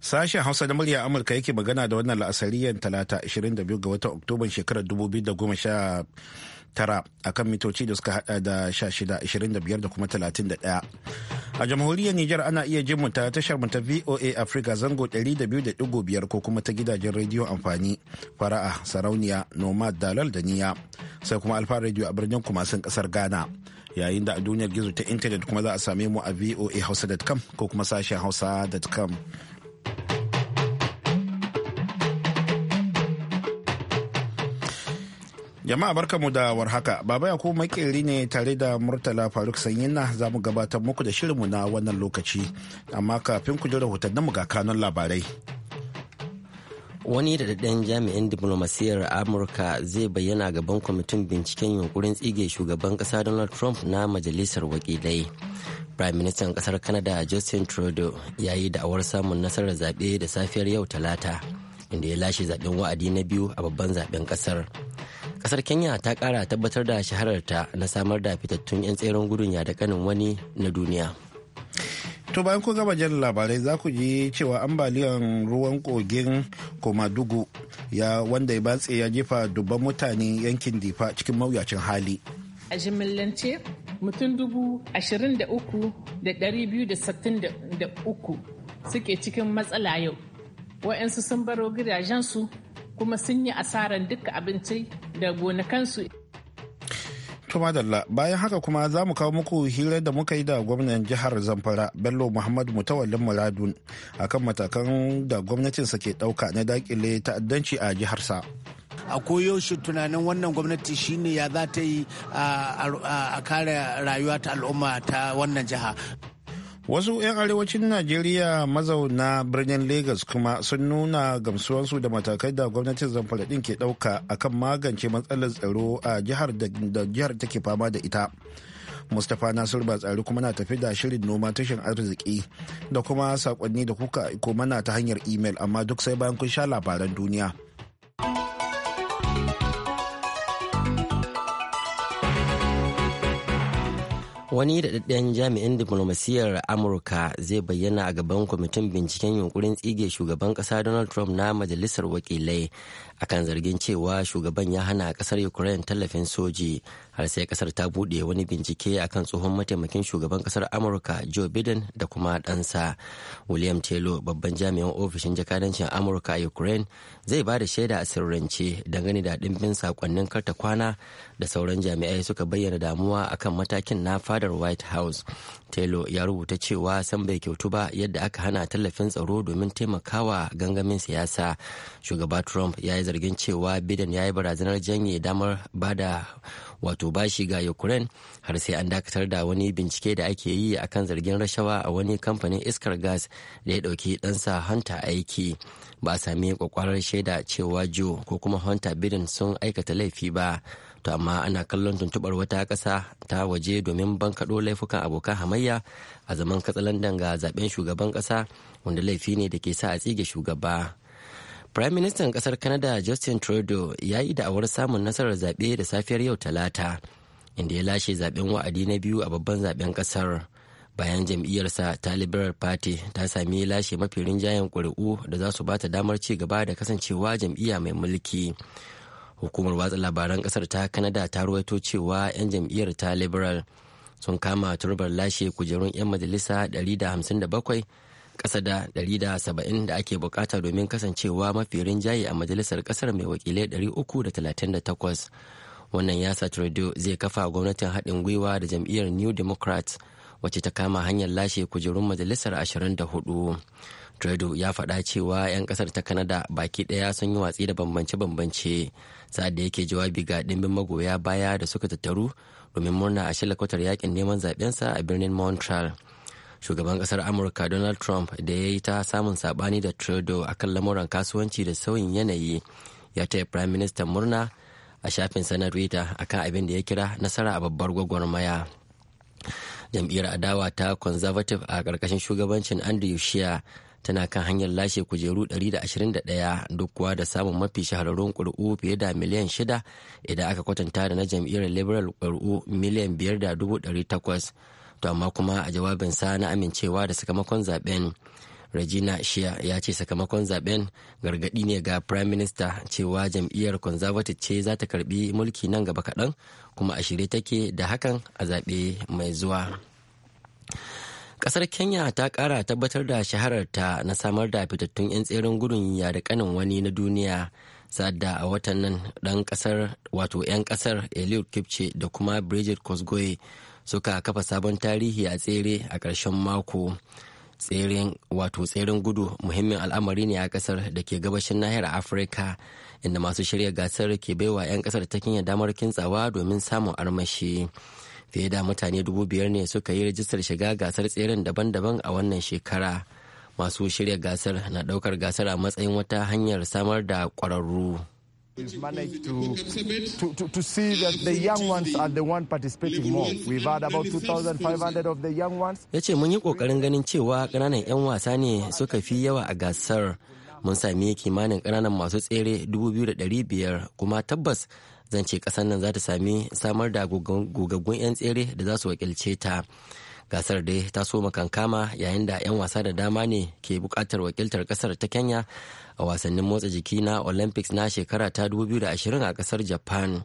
Sashen Hausa da murya Amurka yake magana da wannan la'asariyar talata 22 ga watan Oktoban shekarar 2019 akan mitoci da suka hada da 16, 25 da kuma 31. A jamhuriyar Nijar ana iya jin mu ta tashar mu ta VOA Africa zango 200.5 ko kuma ta gidajen rediyo amfani fara'a sarauniya nomad dalal da niya sai kuma alfa rediyo a birnin kumasin kasar Ghana. Yayin da a duniyar gizo ta intanet kuma za a same mu a voa hausa.com ko kuma sashen hausa.com. Jama'a barkamu da warhaka, Baba ya kuma makeri ne tare da Murtala Faruk Sanyina za mu gabatar muku da shirinmu na wannan lokaci, amma kafin ku ji mu ga kanun labarai. Wani da jami'in diplomasiyyar Amurka zai bayyana gaban kwamitin binciken yunkurin tsige shugaban ƙasa Donald Trump na majalisar wakilai. prime Minister kasar canada justin trudeau ya yi da'awar samun nasarar zaɓe da safiyar yau talata inda ya lashe zaɓen wa'adi na biyu a babban zaɓen ƙasar kasar kenya ta ƙara tabbatar da shahararta na samar da fitattun 'yan tseren gudun ya da kanin wani na duniya To bayan ku gaba jan labarai za ku ji cewa ambaliyan ruwan kogin Komadugu ya wanda ya batse ya jefa dubban mutane yankin difa cikin mawuyacin hali. A jimillance mutum dubu suke cikin matsala yau wa'yansu sun baro gidajensu kuma sun yi asarar duka abinci da gonakansu madalla bayan haka kuma za mu kawo muku hira da muka yi da gwamnan jihar Zamfara Bello Muhammad Mutawallin Muradun akan matakan da gwamnatinsa ke ɗauka na dakile ta'addanci a jiharsa. sa. a koyaushe tunanin wannan gwamnati shine ya za ta yi a kare rayuwa ta al'umma ta wannan jiha wasu 'yan arewacin najeriya mazauna birnin lagos kuma sun nuna gamsuwansu da matakai da gwamnatin zamfara ɗin ke ɗauka akan magance matsalar tsaro a jihar da jihar take fama da ita mustapha nasiru tsari kuma na tafi da shirin noma tashin arziki da kuma sakonni da kuka aiko mana ta hanyar imel amma duk sai bayan kun sha labaran duniya. wani daɗaɗɗen jami'in diplomasiyyar amurka zai bayyana a gaban kwamitin binciken yunkurin tsige shugaban ƙasa donald trump na majalisar wakilai akan zargin cewa shugaban ya hana kasar ukraine tallafin soji har sai kasar ta bude wani bincike akan tsohon mataimakin shugaban kasar amurka joe biden da kuma ɗansa william taylor babban jami'an ofishin jakadancin amurka a ukraine zai ba da shaida a sirrance dangane da ɗimbin sakonnin karta kwana da sauran jami'ai suka bayyana damuwa akan matakin na fadar white house taylor ya rubuta cewa san bai kyautu ba yadda aka hana tallafin tsaro domin taimakawa gangamin siyasa shugaba trump ya yi zargin cewa biden ya yi barazanar janye damar bada wato bashi ga ukraine har sai an dakatar da wani bincike da ake yi akan zargin rashawa a wani kamfanin iskar gas da ya ɗauki ɗansa hanta aiki ba a sami kwakwarar shaida cewa joe ko kuma hanta biden sun aikata laifi ba to amma ana kallon tuntubar wata ƙasa ta waje domin bankaɗo laifukan abokan hamayya a zaman katsalandan ga zaben shugaban ƙasa wanda laifi ne da ke sa a tsige shugaba prime ministan ƙasar canada justin trudeau ya yi da'awar samun nasarar zaɓe da safiyar yau talata inda ya lashe zaben wa'adi na biyu a babban zaben ƙasar bayan jam'iyyarsa ta liberal party ta sami lashe mafi rinjayen ƙuri'u da za su bata damar ci gaba da kasancewa jam'iyya mai mulki hukumar watsa labaran kasar ta kanada ta ruwaito cewa 'yan jam'iyyar ta liberal sun kama turbar lashe kujerun 'yan majalisa 157 ƙasa da 170 da ake bukata domin kasancewa mafi rinjaye a majalisar kasar mai wakilai 338 wannan yasa sa trudeau zai kafa gwamnatin haɗin gwiwa da jam'iyyar new democrats wacce ta kama hanyar lashe kujerun majalisar 24 trudeau ya faɗa cewa 'yan ƙasar ta kanada baki ɗaya sun yi watsi da bambance-bambance sa'ad da yake jawabi ga ɗimbin magoya baya da suka tattaru domin murna a shirya kwatar yakin neman zaɓensa a birnin montreal shugaban kasar amurka donald trump da ya yi ta samun sabani da trudeau akan lamuran kasuwanci da sauyin yanayi ya taya prime minister murna a shafin sanar a akan abin da ya kira nasara a babbar gwagwarmaya jam'iyyar adawa ta conservative a ƙarƙashin shugabancin andrew shear. tana kan hanyar lashe kujeru 121 duk kuwa da samun mafi shahararrun ƙuri'u fiye da miliyan shida idan aka kwatanta da na jam'iyyar liberal ƙuri'u miliyan biyar da dubu ɗari to amma kuma a jawabinsa na amincewa da sakamakon zaben regina shia ya ce sakamakon zaben gargadi ne ga prime minister cewa jam'iyyar conservative ce za ta karbi mulki nan gaba kaɗan kuma a shirye take da hakan a zaɓe mai zuwa Ƙasar Kenya ta ƙara tabbatar da shahararta na samar da fitattun 'yan tseren gudun ya da kanin wani na duniya sadda a watan nan dan kasar wato 'yan ƙasar Eliud Kipche da kuma Bridget Kosgei suka kafa sabon tarihi a tsere a ƙarshen mako. tseren wato tseren gudu muhimmin al'amari ne a ƙasar da ke gabashin nahiyar afirka inda masu shirya gasar ke baiwa 'yan kasar ta kenya damar kintsawa domin samun armashi fiye da mutane dubu biyar ne suka yi rajistar shiga gasar tseren daban-daban a wannan shekara masu shirya gasar na daukar gasar a matsayin wata hanyar samar da kwararru Ya ce mun yi ƙoƙarin ganin cewa ƙananan 'yan wasa ne suka fi yawa a gasar. Mun sami kimanin ƙananan masu tsere 2,500 kuma tabbas zan ce ƙasar nan za ta sami samar da gogaggun 'yan tsere da za su wakilce ta gasar dai ta soma kankama yayin da 'yan wasa da dama ne ke bukatar wakiltar kasar ta kenya a wasannin motsa jiki na olympics na shekara ta 2020 a kasar japan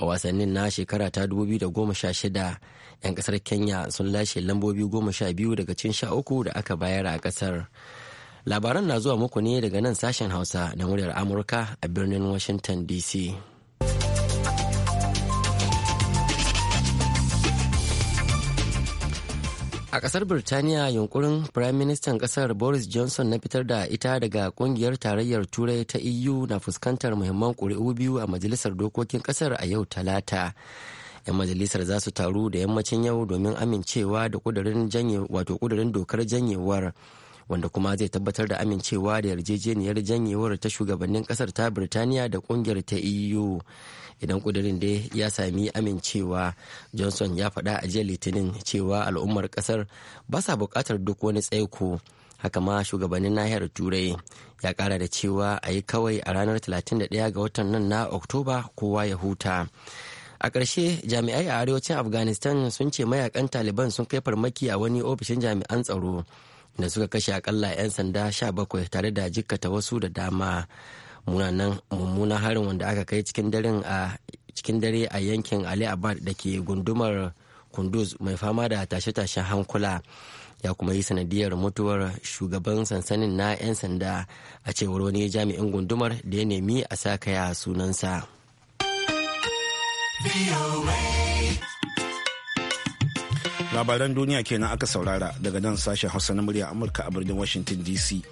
a wasannin na shekara ta 2016 'yan kasar kenya sun lashe lambobi 12 daga cikin 13 da aka bayar a kasar labaran na zuwa muku ne daga nan sashen hausa na muryar amurka a birnin washington dc A kasar Birtaniya yunkurin prime minister kasar Boris Johnson na fitar da ita daga kungiyar tarayyar Turai ta EU na fuskantar muhimman kuri'u biyu a Majalisar Dokokin kasar a yau Talata. 'Yan majalisar za su taru da yammacin yau domin amincewa da kudurin dokar janyewar wanda kuma zai tabbatar da amincewa da yarjejeniyar janyewar ta shugabannin kasar ta Birtaniya da kungiyar ta EU. idan kudirin dai ya sami amincewa johnson ya faɗa a jiya litinin cewa al'ummar ƙasar ba sa buƙatar duk wani tsaiko haka ma shugabannin nahiyar turai ya ƙara da cewa a yi kawai a ranar 31 ga watan nan na oktoba kowa ya huta a ƙarshe jami'ai a arewacin afghanistan sun ce mayakan taliban sun kai farmaki a wani ofishin jami'an tsaro da suka kashe akalla 'yan sanda 17 tare da jikkata wasu da dama munanan mummunan harin wanda aka kai cikin cikin dare a yankin ali abad da ke gundumar kunduz mai fama da tashe-tashen hankula ya kuma yi sanadiyar mutuwar shugaban sansanin na 'yan sanda a cewar wani jami'in gundumar da ya nemi a sa kaya sunansa labaran duniya kenan aka saurara daga nan sashen hausa na murya amurka a birnin washington dc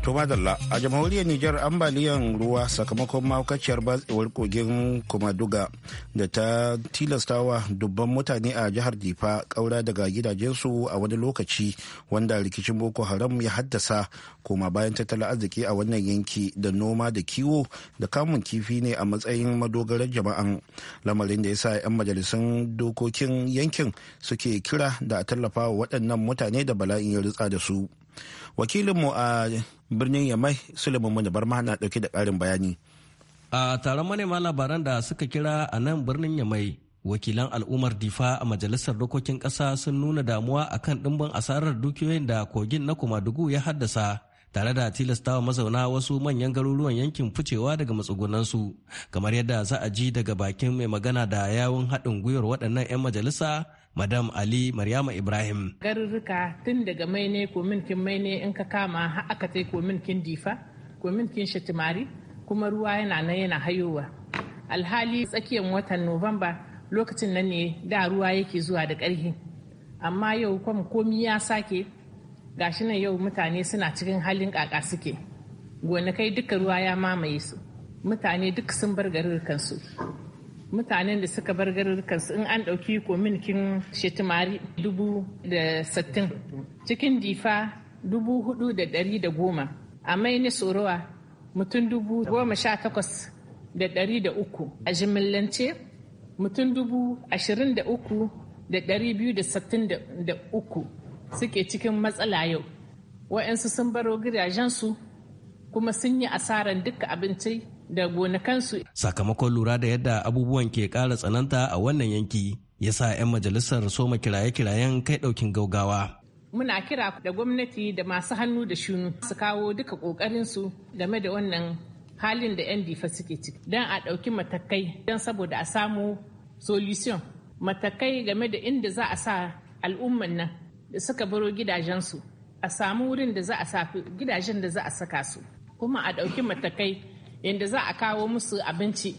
To madalla a jamhuriyar Nijar ambaliyan ruwa sakamakon mahaukaciyar batsewar kogin Kumaduga da ta tilastawa dubban mutane a jihar Difa kaura daga gidajensu a wani lokaci wanda rikicin Boko Haram ya haddasa koma bayan tattalin arziki a wannan yanki da noma da kiwo da kamun kifi ne a matsayin madogarar jama'an lamarin da ya sa 'yan majalisun dokokin yankin suke kira da a tallafa wa waɗannan mutane da bala'in ya ritsa da su. wakilinmu a birnin yamai suleiman mani bar na dauke da karin bayani a taron manema labaran da suka kira a nan birnin yamai wakilan al'ummar difa a majalisar dokokin ƙasa sun nuna damuwa akan ɗimbin asarar dukiyoyin da kogin na kumadugu ya haddasa tare da tilastawa mazauna wasu manyan garuruwan yankin ficewa daga matsugunansu kamar yadda za a ji daga bakin mai magana da yawun haɗin gwiwar waɗannan 'yan majalisa madam ali maryama ibrahim garurruka tun daga maine komin kin maine in ka kama har aka tai komin kin difa komin kin shatimari kuma ruwa yana nan yana hayowa alhali tsakiyar watan nuwamba lokacin nan ne da ruwa yake zuwa da ƙarfi amma yau kwam komi ya sake gashi nan yau mutane suna cikin halin ƙaƙa suke gonakai duka ruwa ya mamaye su mutane duk sun bar su. mutanen da suka bar garurukansu in an ɗauki kominikin shetumari dubu da sattin cikin difa dubu hudu da dari da goma a maini tsorowa mutum dubu goma sha takwas da dari da uku a jimillance mutum dubu ashirin da uku da dari biyu da sattin da uku suke cikin matsala yau wa'yansu sun baro gidajensu kuma sun yi asaran duka abinci da gonakansu. Sakamakon lura da yadda abubuwan ke ƙara tsananta a wannan yanki ya sa 'yan majalisar soma kiraye-kirayen kai ɗaukin gaugawa. Muna kira da gwamnati da masu hannu da shunu su kawo duka ƙoƙarinsu game da wannan halin da 'yan difa suke ciki don a ɗauki matakai don saboda a samu solution matakai game da inda za a sa al'umman nan da suka baro gidajensu a samu wurin da za a sa gidajen da za a saka su kuma a ɗauki matakai yadda za a kawo musu abinci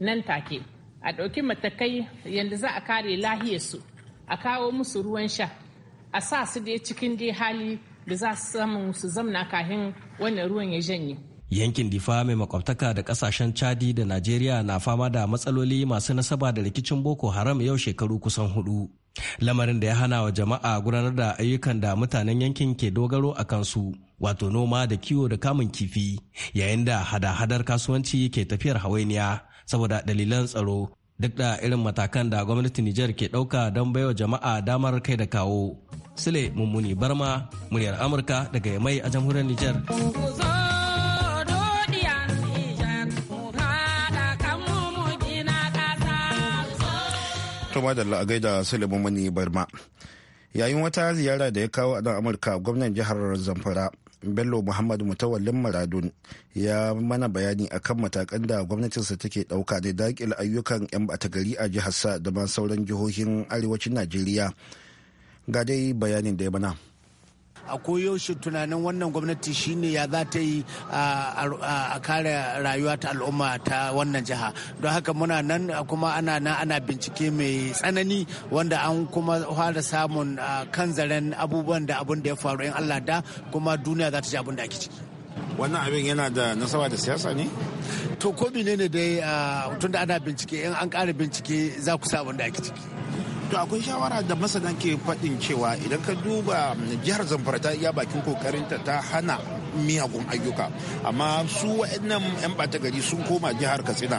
nan take a ɗauki matakai yadda za a kare lahiyarsu a kawo musu ruwan sha a sa su dai cikin dai hali da za su samu su zamna kahin wannan ruwan ya janye yankin difa mai makwabtaka da kasashen chadi da najeriya na fama da matsaloli masu nasaba da rikicin boko haram yau shekaru kusan hudu lamarin da ya hana wa jama'a gudanar da ayyukan da mutanen yankin ke dogaro a kansu wato noma da kiwo da kamun kifi yayin da hada-hadar kasuwanci ke tafiyar hawainiya saboda dalilan tsaro duk da irin matakan da gwamnatin Nijar ke ɗauka don baiwa jama'a damar kai da kawo. Sule Mummuni Barma, muryar Amurka daga Yamai a jamhuriyar Nijar. Tuma da la'agai da Sule Mummuni Barma. Yayin wata ziyara da ya kawo a dan Amurka gwamnan jihar Zamfara bello muhammad mutawallin maradun ya mana bayani akan matakan da gwamnatinsa take dauka da dakil ayyukan 'yan bata gari a jihar sa da ma sauran jihohin arewacin najeriya ga dai bayanin da ya mana a koyaushe tunanin wannan gwamnati shine ya za ta yi a kare rayuwa ta al'umma ta wannan jiha don haka muna nan kuma ana nan ana bincike mai tsanani wanda an kuma fara samun kan zaren abubuwan da abin da ya faru in allah da kuma duniya za ta ji abin da ake ciki wannan abin yana da nasaba da siyasa ne to ko ne dai tunda ana bincike in an kara bincike za ku sa abin da ake ciki to akwai shawara da masana ke faɗin cewa idan ka duba um, jihar zamfara ta iya bakin kokarinta ta hana miyagun ayyuka amma su waɗannan 'yan ɓata gari sun koma jihar katsina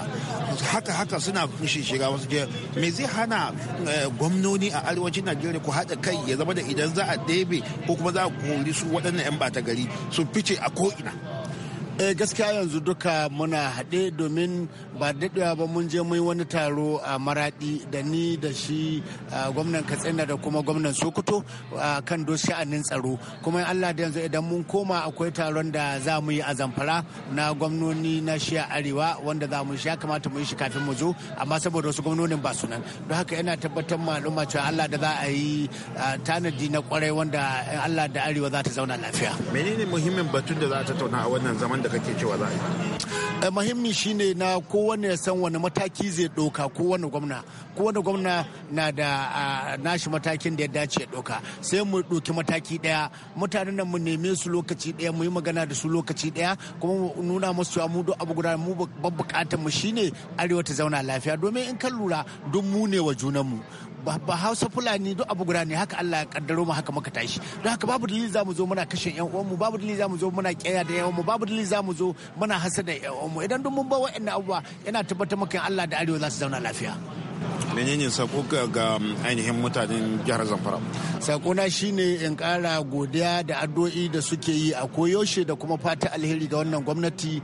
haka haka suna fushi shiga wasu jihar me zai hana eh, gwamnoni a arewacin najeriya ku haɗa kai ya zama da idan za a ɗebe ko kuma za a kori su waɗannan 'yan ɓata gari su fice a ko'ina eh gaskiya yanzu duka muna haɗe domin ba daɗewa ba mun je mun wani taro a maraɗi da ni da shi gwamnan katsina da kuma gwamnan sokoto kan do sha'anin tsaro kuma allah da yanzu idan mun koma akwai taron da za mu yi a zamfara na gwamnoni na shiya arewa wanda za mu sha kamata mu yi shi kafin mu zo amma saboda wasu gwamnonin ba su don haka yana tabbatar mu al'umma cewa allah da za a yi tanadi na kwarai wanda allah da arewa za ta zauna lafiya menene muhimmin batun da za ta tauna a wannan zaman da da kake cewa za a yi eh, muhimmi shine na kowane ya san wani mataki zai ɗauka kowane gwamna kowane gwamna na da nashi matakin da ya dace ya ɗauka sai mu doki mataki daya mutanen nan mu neme su lokaci daya mu yi magana da su lokaci daya kuma mu nuna musu mu abu guda mu babban bukatar mu shine arewa ta zauna lafiya domin in kan lura duk mu ne wa mu. ba hausa fulani duk abu guda ne haka Allah ya kaddaro mu haka muka tashi don haka babu dalili za mu zo muna kashe yan uwanmu babu dalili za mu zo muna kyaya da yawan mu babu dalili za zo muna hasada yan uwanmu idan duk mun ba wa'annan abubuwa yana tabbatar maka Allah da arewa za su zauna lafiya menene sako ga ainihin mutanen jihar zamfara sakona shine in kara godiya da addu'o'i da suke yi a koyaushe da kuma fata alheri ga wannan gwamnati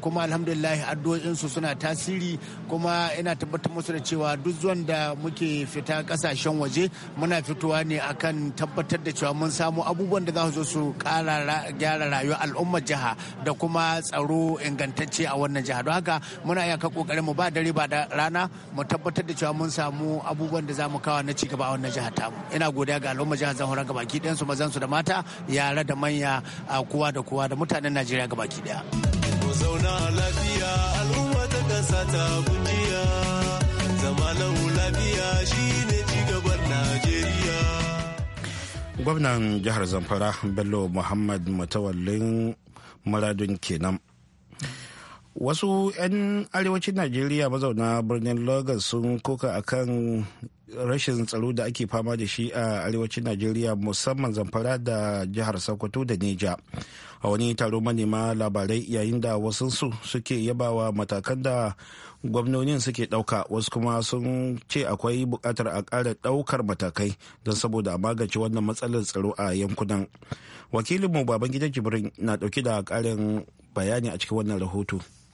kuma alhamdulillah su suna tasiri kuma ina tabbatar musu da cewa duk zuwan da muke fita kasashen waje muna fitowa ne akan tabbatar da cewa mun samu abubuwan da za su zo su kara gyara rayuwar al'ummar jiha da kuma tsaro ingantacce a wannan jiha don haka muna iyaka kokarin mu ba dare ba da rana mu tabbatar da cewa mun samu abubuwan da za mu kawo na cigaba a wannan jihar tamu ina godiya ga al'umma jihar zamfara gabaki su mazan su da mata yara da manya kowa da kowa da mutanen najeriya gabaki ɗaya. zauna lafiya al'umma ta kasa ta kujiya zama lafiya shine cigaban najeriya gwamnan jihar zamfara bello muhammad matawallin muradun kenan wasu 'yan arewacin najeriya mazauna birnin lagos sun koka akan rashin tsaro da ake fama da shi a arewacin najeriya musamman zamfara da jihar sokoto da neja a wani taro manema labarai yayin da wasu su suke yabawa matakan da gwamnonin suke dauka wasu kuma sun ce akwai bukatar a ƙara daukar matakai don saboda a magance wannan matsalar tsaro a yankunan wakilinmu babangida jibrin na ɗauke da ƙarin bayani a cikin wannan rahoto.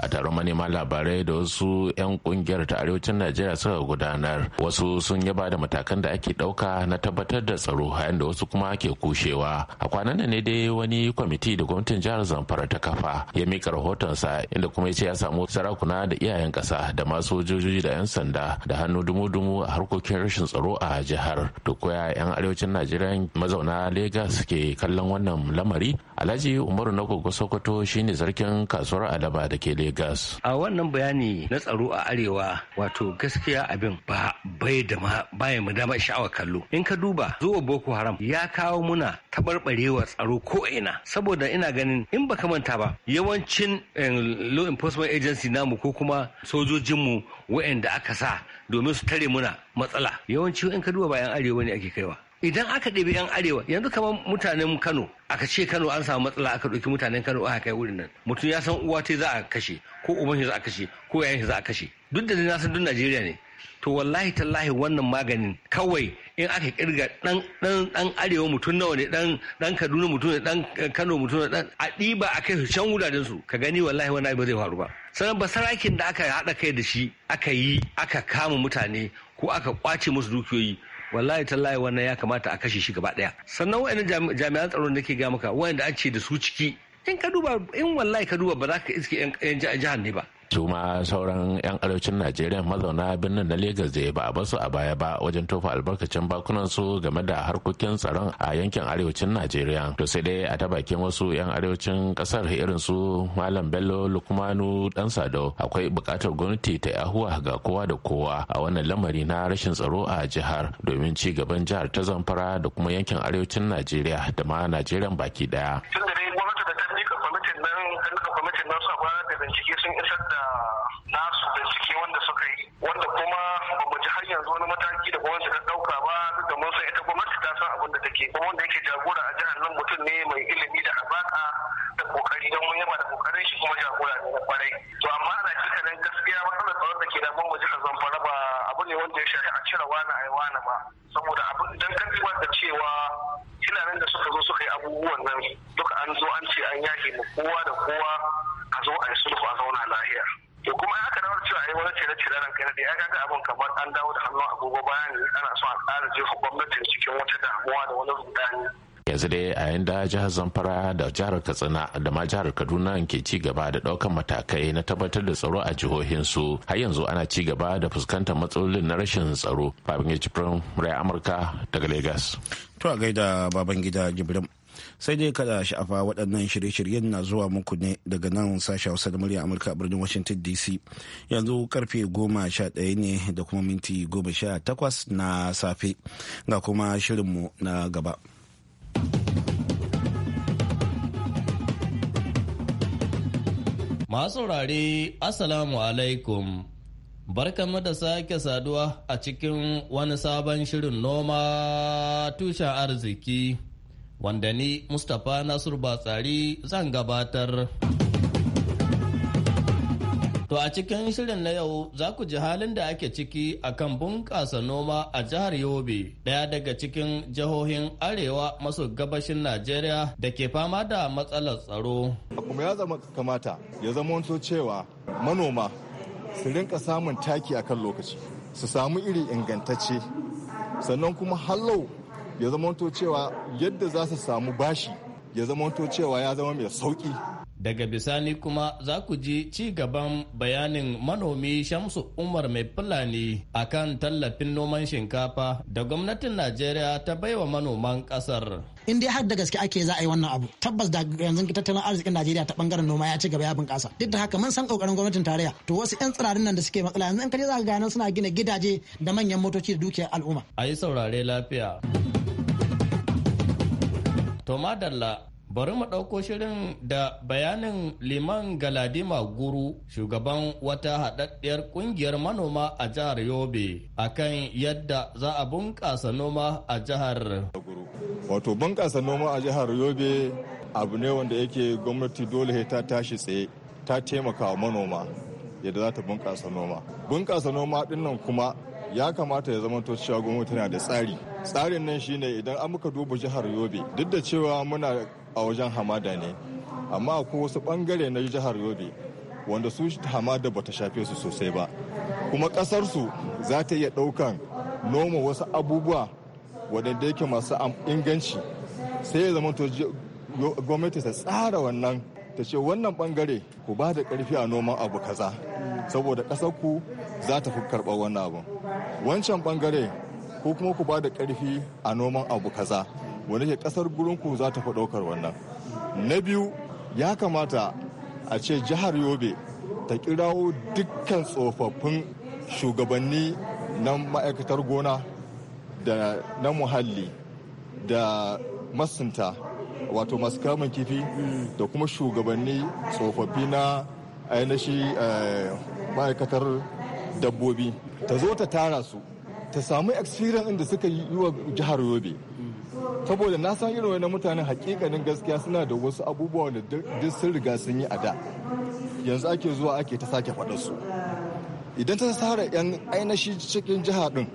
a taron manema labarai da wasu 'yan kungiyar ta arewacin najeriya suka gudanar wasu sun yaba da matakan da ake ɗauka na tabbatar da tsaro yayin da wasu kuma ke kushewa a kwanan nan ne dai wani kwamiti da gwamnatin jihar zamfara ta kafa ya mika rahotonsa inda kuma ya ce ya samu sarakuna da iyayen ƙasa da masu sojoji da 'yan sanda da hannu dumu-dumu a harkokin rashin tsaro a jihar to koya 'yan arewacin najeriya mazauna lagos ke kallon wannan lamari alhaji umaru na gogo sokoto shine sarkin kasuwar alaba da ke Legas. A wannan bayani na tsaro a Arewa wato gaskiya abin ba bai da ma baya mu da sha'awa kallo. In ka duba zuwa Boko Haram ya kawo muna tabarbarewa tsaro ko ina saboda ina ganin in baka manta ba yawancin eh, law enforcement agency namu ko kuma sojojinmu waɗanda aka sa domin su tare muna matsala yawanci in ka duba bayan arewa ne ake kaiwa idan aka ɗebi 'yan arewa yanzu kamar mutanen kano aka ce kano an samu matsala aka ɗauki mutanen kano aka kai wurin nan mutum ya san uwa ta za a kashe ko uban shi za a kashe ko yayan shi za a kashe duk da na san duk najeriya ne to wallahi tallahi wannan maganin kawai in aka kirga dan dan arewa mutum nawa ne dan dan kaduna mutum ne dan kano mutum ne dan a ɗiba a kai can wuraren su ka gani wallahi wannan ba zai faru ba sannan basarakin da aka haɗa kai da shi aka yi aka kama mutane ko aka kwace musu dukiyoyi wallahi tallahi wannan ya kamata a kashe shi gaba daya sannan wayannan jami'an tsaro da ke ga maka wayanda an ce da su ciki in ka duba in wallahi ka duba ba za ka iske yan jihar ne ba su sauran 'yan arewacin najeriya mazauna birnin na Legas da ba a basu a baya ba wajen tofa albarkacin bakunan su game da harkokin tsaron a yankin arewacin najeriya to sai dai a ta bakin wasu 'yan arewacin kasar irin su malam bello lukmanu dan sado akwai bukatar gwamnati ta yahuwa ga kowa da kowa a wannan lamari na rashin tsaro a jihar domin ci gaban jihar ta zamfara da kuma yankin arewacin najeriya da ma najeriya baki daya gudanar da bincike sun isar da nasu bincike wanda suka yi wanda kuma ba mu ji har yanzu wani mataki da gwamnati ta dauka ba duk da mun san ita gwamnati ta san abin da take kuma wanda yake jagora a jihar nan mutum ne mai ilimi da habaka da kokari don mun yaba da kokarin shi kuma jagora ne na kwarai to amma ana cika nan gaskiya matsalar tsaron da ke da mu jihar Zamfara ba abu ne wanda ya shafi a cire wani a yi wani ba ƙara jefa gwamnatin cikin wata damuwa da wani rudani yanzu dai a da jihar zamfara da jihar katsina da ma jihar kaduna ke ci gaba da daukan matakai na tabbatar da tsaro a jihohinsu har yanzu ana ci gaba da fuskantar matsalolin na rashin tsaro babangida jibrin murai amurka daga legas. to a gaida babangida jibrin sai dai kada sha'afa waɗannan shirye-shiryen na zuwa muku ne daga nan sashe hausa da murya amurka a birnin washington dc yanzu karfe goma sha ɗaya ne da kuma minti goma sha takwas na safe ga kuma shirinmu na gaba masu rari asalamu alaikum barkamu da sake saduwa a cikin wani sabon shirin noma tushen arziki wanda ni Mustapha Nasiru Batsari zan gabatar. To a cikin shirin na yau za ku ji halin da ake ciki akan bunƙasa noma a jihar Yobe, daya daga cikin jihohin Arewa maso gabashin Najeriya da ke fama da matsalar tsaro. Kuma ya zama kamata ya zama cewa manoma su rinka samun taki akan lokaci, su samu iri ingantacce, sannan kuma hallau ya zamanto cewa yadda za su samu bashi ya zamanto cewa ya zama mai sauƙi. Daga bisani kuma za ku ji ci gaban bayanin manomi Shamsu Umar mai Fulani akan tallafin noman shinkafa da gwamnatin Najeriya ta baiwa manoman ƙasar. In dai har da gaske ake za a yi wannan abu, tabbas da yanzu tattalin arzikin Najeriya ta bangaren noma ya ci gaba ya bunkasa Duk da haka mun san kokarin gwamnatin tarayya, to wasu 'yan tsirarin nan da suke matsala yanzu in kaje za ka gano suna gina gidaje da manyan motoci da dukiyar al'umma. A yi saurare lafiya. To madalla bari mu ɗauko shirin da bayanin liman galadima guru shugaban wata haɗaɗɗiyar ƙungiyar manoma a jihar yobe akan yadda za a bunƙasa noma a jihar wato bunƙasa noma a jihar yobe abu ne wanda yake gwamnati dole ta tashi tsaye ta taimaka wa manoma yadda za ta bunƙasa noma bunƙasa noma dinnan kuma ya kamata ya zama to cewa gwamnati tana da tsari tsarin nan shine idan an muka duba jihar yobe duk da cewa muna a wajen hamada ne amma akwai wasu bangare na jihar yobe wanda su hamada ba ta shafe su sosai ba kuma ƙasarsu za ta iya ɗaukan noma wasu abubuwa waɗanda yake masu inganci sai ya zama to gwamnati ta tsara wannan ta ce wannan bangare ku ba da ƙarfi a noman abu kaza saboda ƙasar ku za ta fi karɓar wannan abu wancan bangare ko kuma ku ba da ƙarfi a noman abu kaza wanda ke kasar gurinku za ta fi wannan na biyu ya kamata a ce jihar yobe ta kirawo dukkan tsofaffin shugabanni na ma'aikatar gona da na muhalli da masunta wato masu kamun kifi da kuma shugabanni tsofaffi na ainihin eh, ma'aikatar dabbobi ta zo ta tara su ta samu experience inda suka yi wa jihar yobe saboda na san irin wani mutanen hakikanin gaskiya suna da wasu abubuwa da duk sun riga sun yi a da yanzu ake zuwa ake ta sake faɗa su idan ta tsara yan ainihi cikin jiha din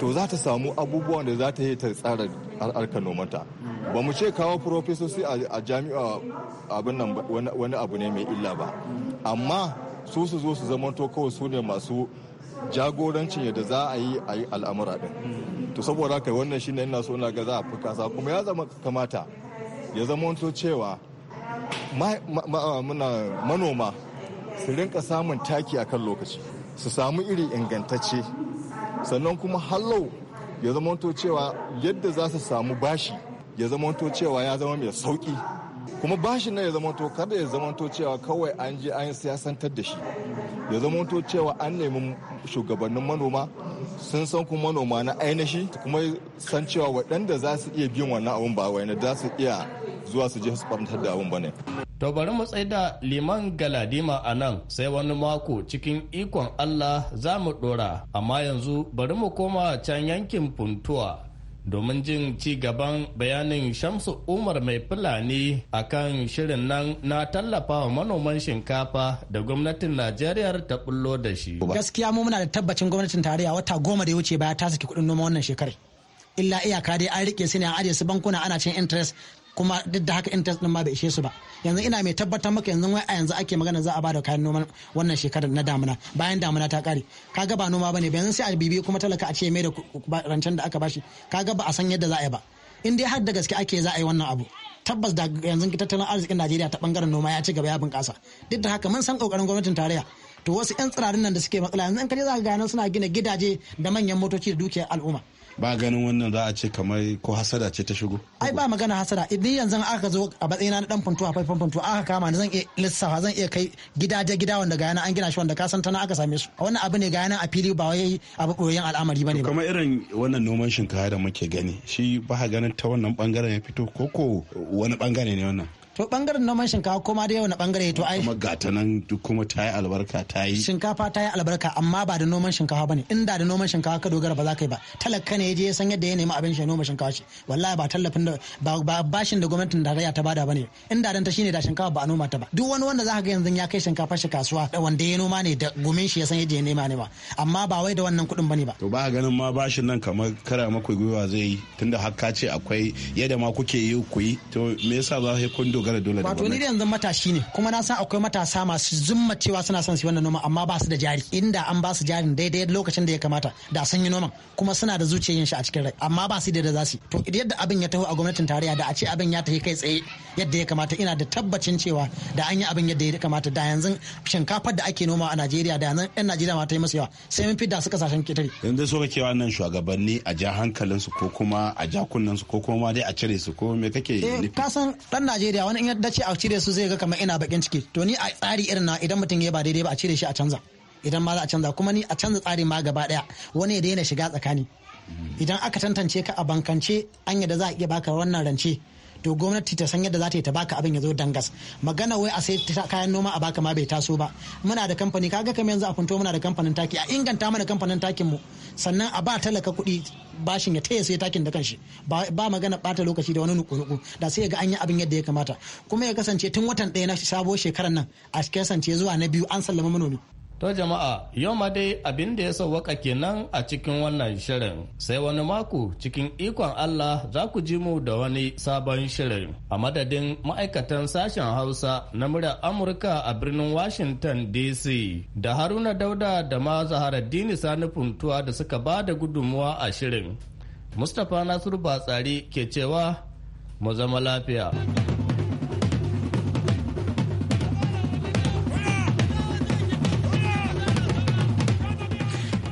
to za ta samu abubuwan da za ta yi ta tsara harkar nomanta ba mu ce kawo profesoci a jami'a abin wani abu ne mai illa ba amma su su zo su zamanto kawai su ne masu jagorancin yadda za a yi a yi al'amura din to saboda kai wannan shine ina so ina ga za a fi kasa kuma ya zama kamata ya zama to cewa manoma su rinka samun taki a kan lokaci su samu iri ingantacce sannan kuma hallau ya zama to cewa yadda za su samu bashi ya zama to cewa ya zama mai sauki kuma bashin na ya zama to kada ya zama to cewa kawai an je an siyasantar da shi ya zama to cewa an nemi shugabannin manoma sun san kuma manoma na ainihi kuma san cewa waɗanda za su iya bin wannan abun ba wai za su iya zuwa su je su kwamtar da abun bane ne. To bari mu tsaye da liman galadima a nan sai wani mako cikin ikon Allah za mu ɗora amma yanzu bari mu koma can yankin puntuwa. domin jin ci gaban bayanin Shamsu Umar mai Fulani a kan shirin nan na tallafawa manoman shinkafa da gwamnatin Najeriya ta bullo da shi. Gaskiya mu muna da tabbacin gwamnatin tarayya wata goma da ya wuce baya ta saki kuɗin noma wannan shekarar. illa iyaka dai an rike su ne an ajiye su bankuna ana cin interest kuma duk da haka interest din ma bai ishe su ba yanzu ina mai tabbatar maka yanzu wai a yanzu ake magana za a bada kayan noman wannan shekarar na damuna bayan damuna ta kare kaga ba noma bane ba yanzu sai a bibiyo kuma talaka a ce mai da rancen da aka bashi kaga ba a san yadda za a ba in dai har da gaske ake za a yi wannan abu tabbas da yanzu tattalin arzikin Najeriya ta bangaren noma ya ci gaba ya bunƙasa duk da haka mun san kokarin gwamnatin tarayya to wasu 'yan tsirarin nan da suke matsala yanzu in kaje za ka ga suna gina gidaje da manyan motoci da dukiyar al'umma ba ganin wannan za a ce kamar ko hasada ce ta shigo ai ba magana hasada idan yanzu aka zo a matsayina na dan funtuwa fai funtuwa aka kama ni zan iya lissafa zan iya kai gidaje gida wanda ga yana an gina shi wanda ka san tana aka same su wannan abu ne ga yana a fili ba wai abu koyon al'amari bane kamar irin wannan noman shinkafa da muke gani shi ba ganin ta wannan bangaren ya fito ko ko wani bangare ne wannan to bangaren noman shinkafa koma da yau na bangare to ai kuma gata nan duk kuma ta yi albarka ta yi shinkafa ta yi albarka amma ba da noman shinkafa bane inda da noman shinkafa ka dogara ba za ka yi ba talaka ne je ya san yadda ya nemi abin shi noma shinkafa shi wallahi ba tallafin da ba bashin da gwamnatin da ta bada bane inda dan ta shine da shinkafa ba a noma ta ba duk wani wanda za ka ga yanzu ya kai shinkafa shi kasuwa wanda ya noma ne da gumin shi ya san yadda ya nema ne ba amma ba wai da wannan kuɗin bane ba to ba ganin ma bashin nan kamar kara maku gwiwa zai yi tunda har ka ce akwai yadda ma kuke yi ku yi to me yasa za ku dogara dole da wato ni yanzu matashi ne kuma na san akwai matasa masu zumma cewa suna son su wannan noma amma ba su da jari inda an ba su jarin daidai lokacin da ya kamata da sun yi noman kuma suna da zuciyar yin shi a cikin rai amma ba su da za su to yadda abin ya taho a gwamnatin tarayya da a ce abin ya tafi kai tsaye yadda ya kamata ina da tabbacin cewa da an yi abin yadda ya kamata da yanzu shinkafar da ake noma a Najeriya da yanzu 'yan Najeriya ma ta yi masa yawa sai mun da su kasashen ketare yanzu so kake nan shugabanni a ja hankalinsu ko kuma a ja kunnensu ko kuma dai a cire su ko me kake eh, nufi ka san ɗan Najeriya wani in ya ce a cire su zai ga kamar ina bakin ciki to ni a tsari irin na idan mutum ya ba daidai ba a cire shi a canza idan ma za a canza kuma ni a canza tsari ma gaba daya wani ya daina shiga tsakani idan aka tantance ka a bankance an da za a iya baka wannan rance to gwamnati ta san yadda za ta yi ta baka abin ya zo dangas magana wai a sai kayan noma a baka ma bai taso ba muna da kamfani kaga kamar yanzu a kunto muna da kamfanin taki a inganta mana kamfanin takin mu sannan a ba talaka kuɗi bashin ya taya sai takin da kanshi ba magana bata lokaci da wani nuku da sai ga an yi abin yadda ya kamata kuma ya kasance tun watan ɗaya na sabuwar shekarar nan a kasance zuwa na biyu an sallama manomi To jama'a yau ma dai abin da ya sauwaka kenan a cikin wannan shirin sai wani mako cikin ikon Allah za ku ji mu da wani sabon shirin a madadin ma'aikatan sashen Hausa na murar Amurka a birnin Washington DC da Haruna Dauda da ma Zahara Dini Sani Funtuwa da suka ba da gudunmuwa a shirin. Mustapha Nasiru Batsari ke cewa mu zama lafiya.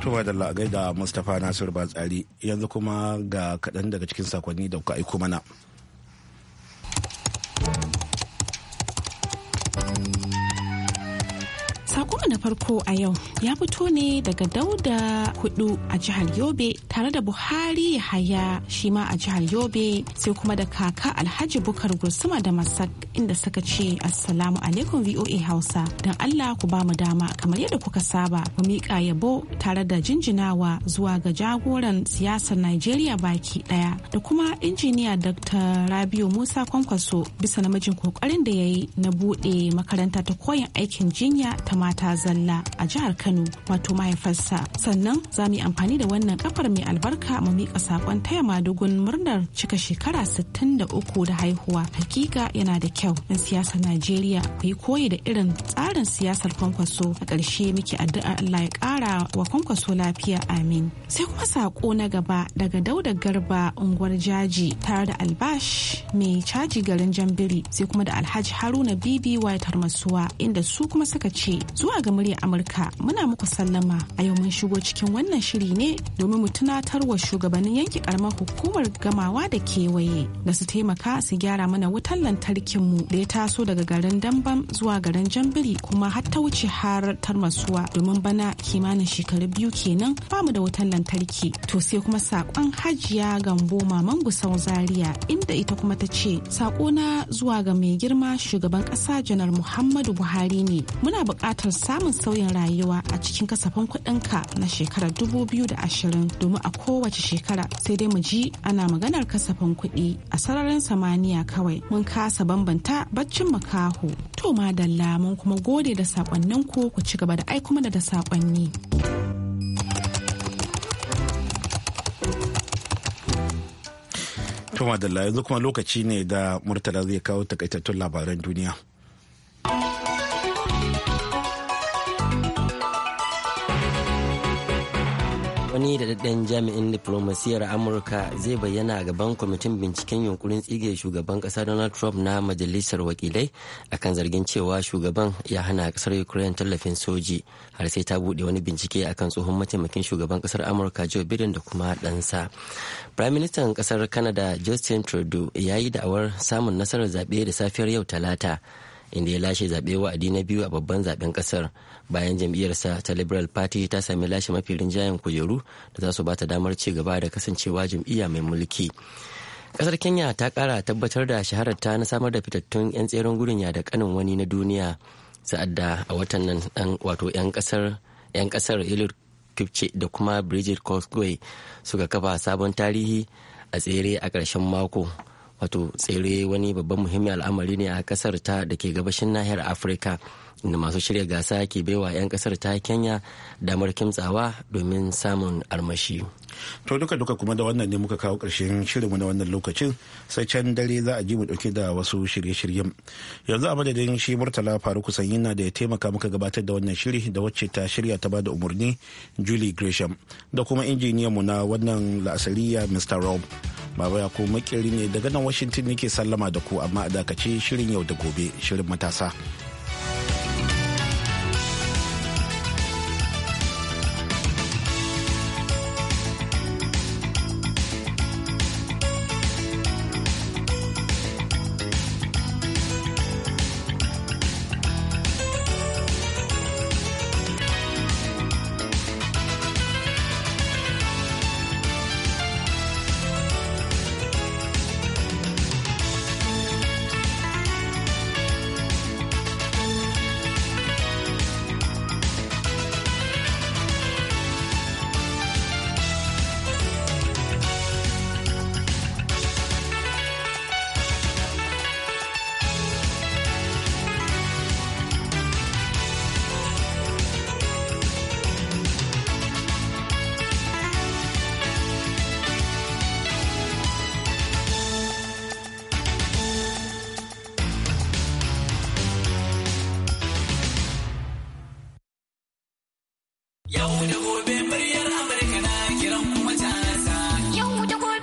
Tuma da la'agai da Mustapha Nasiru Batsari yanzu kuma ga kaɗan daga cikin sakonni da kuka aiko mana. kuma na farko a yau ya fito ne daga Dauda Hudu a jihar Yobe tare da Buhari Yahaya shi ma a jihar Yobe sai kuma da kaka Alhaji Bukar Gursuma da Masak inda suka ce Assalamu alaikum VOA Hausa don Allah ku ba mu dama kamar yadda kuka saba mu miƙa yabo tare da jinjinawa zuwa ga jagoran siyasar Najeriya baki ɗaya da kuma injiniya Dr. Rabiu Musa Kwankwaso bisa namijin kokarin da ya yi na buɗe makaranta ta koyon aikin jinya ta mata mata zalla a jihar Kano wato mahaifarsa. Sannan za mu yi amfani da wannan kafar mai albarka mu miƙa saƙon taya madugun murnar cika shekara 63 da haihuwa. Hakika yana da kyau na siyasar Najeriya ku yi koyi da irin tsarin siyasar kwankwaso. A ƙarshe muke addu'a Allah ya ƙara wa kwankwaso lafiya amin. Sai kuma saƙo na gaba daga Dauda Garba unguwar Jaji tare da Albash mai caji garin Jambiri sai kuma da Alhaji Haruna Bibi ya tarmasuwa inda su kuma suka ce zuwa ga muryar Amurka muna muku sallama a yau mun shigo cikin wannan shiri ne domin mu tunatar wa shugabannin yanki karamar hukumar gamawa da kewaye da su taimaka su gyara mana wutar lantarkinmu da ya taso daga garin Dambam zuwa garin Jambiri kuma har ta wuce har tarmasuwa domin bana kimanin shekaru biyu kenan bamu da wutar lantarki to sai kuma sakon hajiya gambo maman gusau zaria inda ita kuma ta ce sakona zuwa ga mai girma shugaban kasa janar muhammadu buhari ne muna buƙatar samun sauyin rayuwa a cikin kasafin kuɗinka na shekarar 2020 domin a kowace shekara sai dai mu ji ana maganar kasafin kuɗi a sararin samaniya kawai mun kasa bambanta baccin makaho to madalla mun kuma gode da ko ku ci gaba da kuma da sakonni. To madalla yanzu kuma lokaci ne da Murtala zai kawo takaitattun labaran duniya. wani daɗaɗɗen jami'in diplomasiyar amurka zai bayyana gaban kwamitin binciken yunkurin tsige shugaban ƙasa donald trump na majalisar wakilai akan zargin cewa shugaban ya hana ƙasar ukraine tallafin soji har sai ta buɗe wani bincike akan tsohon mataimakin shugaban ƙasar amurka joe biden da kuma ɗansa prime minister ƙasar canada justin trudeau ya yi da'awar samun nasarar zaɓe da safiyar yau talata inda ya lashe zaɓe wa'adi na biyu a babban zaɓen ƙasar bayan jam'iyyarsa ta liberal party ta sami lashe mafi rinjayen kujeru da za su ba ta damar ci gaba da kasancewa jam'iyya mai mulki kasar kenya ta kara tabbatar da shahararta na samar da fitattun 'yan tseren gudun ya da kanin wani na duniya sa'ad da a watan nan wato 'yan kasar 'yan kasar kipce da kuma bridget cosway suka kafa sabon tarihi a tsere a karshen mako wato tsere wani babban muhimmin al'amari ne a kasar ta da ke gabashin nahiyar afirka inda masu shirya gasa ke baiwa 'yan kasar ta kenya damar kimtsawa domin samun armashi to duka duka kuma da wannan ne muka kawo ƙarshen shirinmu na wannan lokacin sai can dare za a ji mu dauke da wasu shirye-shiryen yanzu a madadin shi murtala faruku yana da ya taimaka muka gabatar da wannan shiri da wacce ta shirya ta bada umarni julie gresham da kuma injiniyan mu na wannan la'asariya mr rob baba ya ko makiri ne daga nan washington nake sallama da ku amma a dakace shirin yau da gobe shirin matasa